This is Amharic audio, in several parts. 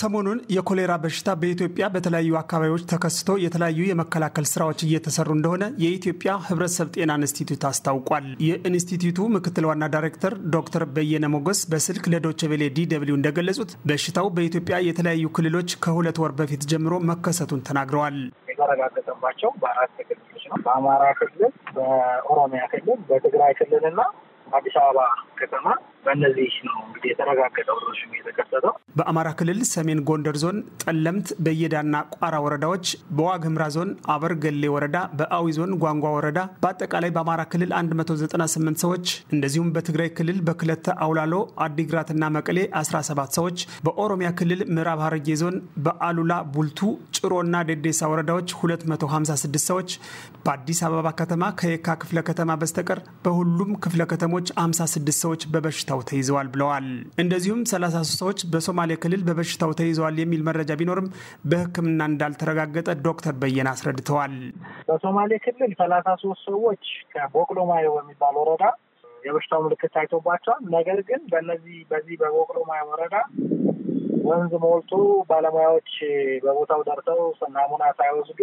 ሰሞኑን የኮሌራ በሽታ በኢትዮጵያ በተለያዩ አካባቢዎች ተከስቶ የተለያዩ የመከላከል ስራዎች እየተሰሩ እንደሆነ የኢትዮጵያ ሕብረተሰብ ጤና ኢንስቲትዩት አስታውቋል። የኢንስቲትዩቱ ምክትል ዋና ዳይሬክተር ዶክተር በየነ ሞገስ በስልክ ለዶቼ ቬለ እንደገለጹት በሽታው በኢትዮጵያ የተለያዩ ክልሎች ከሁለት ወር በፊት ጀምሮ መከሰቱን ተናግረዋል። የተረጋገጠባቸው በአራት ክልሎች ነው። በአማራ ክልል፣ በኦሮሚያ ክልል፣ በትግራይ ክልልና አዲስ አበባ ከተማ በእነዚህ ነው እንግዲህ የተረጋገጠው ወረርሽኙ የተከሰተው። በአማራ ክልል ሰሜን ጎንደር ዞን ጠለምት፣ በየዳና ቋራ ወረዳዎች፣ በዋግምራ ዞን አበርገሌ ወረዳ፣ በአዊ ዞን ጓንጓ ወረዳ በአጠቃላይ በአማራ ክልል 198 ሰዎች እንደዚሁም በትግራይ ክልል በክለተ አውላሎ፣ አዲግራትና መቀሌ 17 ሰዎች፣ በኦሮሚያ ክልል ምዕራብ ሐረርጌ ዞን በአሉላ ቡልቱ፣ ጭሮና ደዴሳ ወረዳዎች 256 ሰዎች፣ በአዲስ አበባ ከተማ ከየካ ክፍለ ከተማ በስተቀር በሁሉም ክፍለ ከተሞች ዞኖች 56 ሰዎች በበሽታው ተይዘዋል ብለዋል። እንደዚሁም 33 ሰዎች በሶማሌ ክልል በበሽታው ተይዘዋል የሚል መረጃ ቢኖርም በሕክምና እንዳልተረጋገጠ ዶክተር በየነ አስረድተዋል። በሶማሌ ክልል 33 ሰዎች ከቦቅሎማዮ በሚባል ወረዳ የበሽታው ምልክት ታይቶባቸዋል። ነገር ግን በነዚህ በዚህ በቦቅሎማዮ ወረዳ ወንዝ ሞልቶ ባለሙያዎች በቦታው ደርሰው ናሙና ሳይወስዱ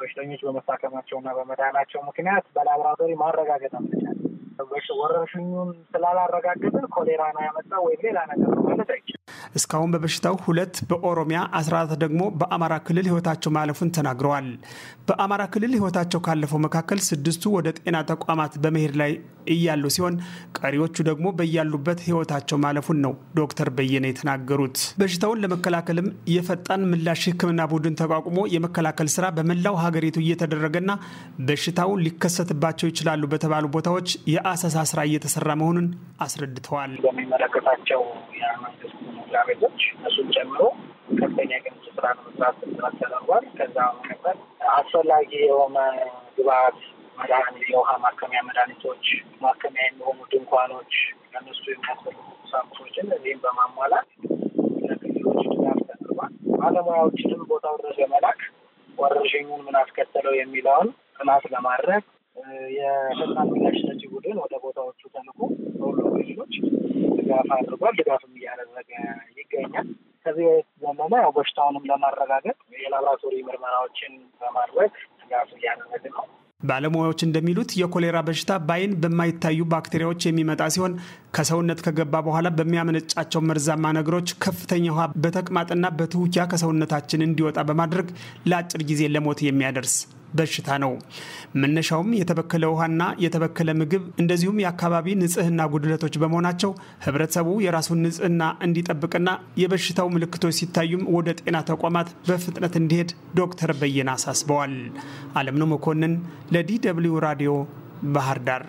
በሽተኞች በመታከማቸውና በመዳናቸው ምክንያት በላቦራቶሪ ማረጋገጥ አልተቻለ ወረርሽኙን ስላላረጋገጠ ኮሌራ ነው ያመጣ ወይም ሌላ ነገር ነው ማለት አይችልም። እስካሁን በበሽታው ሁለት በኦሮሚያ አስራ አራት ደግሞ በአማራ ክልል ህይወታቸው ማለፉን ተናግረዋል። በአማራ ክልል ህይወታቸው ካለፈው መካከል ስድስቱ ወደ ጤና ተቋማት በመሄድ ላይ እያሉ ሲሆን ቀሪዎቹ ደግሞ በያሉበት ህይወታቸው ማለፉን ነው ዶክተር በየነ የተናገሩት። በሽታውን ለመከላከልም የፈጣን ምላሽ ህክምና ቡድን ተቋቁሞ የመከላከል ስራ በመላው ሀገሪቱ እየተደረገና በሽታው ሊከሰትባቸው ይችላሉ በተባሉ ቦታዎች የአሰሳ ስራ እየተሰራ መሆኑን አስረድተዋል። በሚመለከታቸው የመንግስት መስሪያ ቤቶች ጨምሮ ከፍተኛ ስራ ለመስራት ተደርጓል። ከዛ መቀጠል አስፈላጊ የሆነ ግብአት መድኃኒት፣ የውሃ ማከሚያ መድኃኒቶች፣ ማከሚያ የሚሆኑ ድንኳኖች፣ ለነሱ የሚያስፈልጉ ቁሳቁሶችን እዚህም በማሟላት ለክልሎች ድጋፍ ተደርጓል። ባለሙያዎችንም ቦታው ድረስ በመላክ ወረርሽኙን ምን አስከተለው የሚለውን ጥናት ለማድረግ የፈጣን ምላሽ ሰጪ ቡድን ወደ ቦታዎቹ ተልኮ በሁሉ ክልሎች ድጋፍ አድርጓል። ድጋፍም እያደረገ ይገኛል። ከዚህ ዘመነ ያው በሽታውንም ለማረጋገጥ የላብራቶሪ ምርመራዎችን በማድረግ ድጋፍ እያደረግ ነው። ባለሙያዎች እንደሚሉት የኮሌራ በሽታ በአይን በማይታዩ ባክቴሪያዎች የሚመጣ ሲሆን ከሰውነት ከገባ በኋላ በሚያመነጫቸው መርዛማ ነገሮች ከፍተኛ ውሃ በተቅማጥና በትውኪያ ከሰውነታችን እንዲወጣ በማድረግ ለአጭር ጊዜ ለሞት የሚያደርስ በሽታ ነው። መነሻውም የተበከለ ውሃና የተበከለ ምግብ እንደዚሁም የአካባቢ ንጽህና ጉድለቶች በመሆናቸው ህብረተሰቡ የራሱን ንጽህና እንዲጠብቅና የበሽታው ምልክቶች ሲታዩም ወደ ጤና ተቋማት በፍጥነት እንዲሄድ ዶክተር በየነ አሳስበዋል። አለምነው መኮንን ለዲ ደብልዩ ራዲዮ ባህር ዳር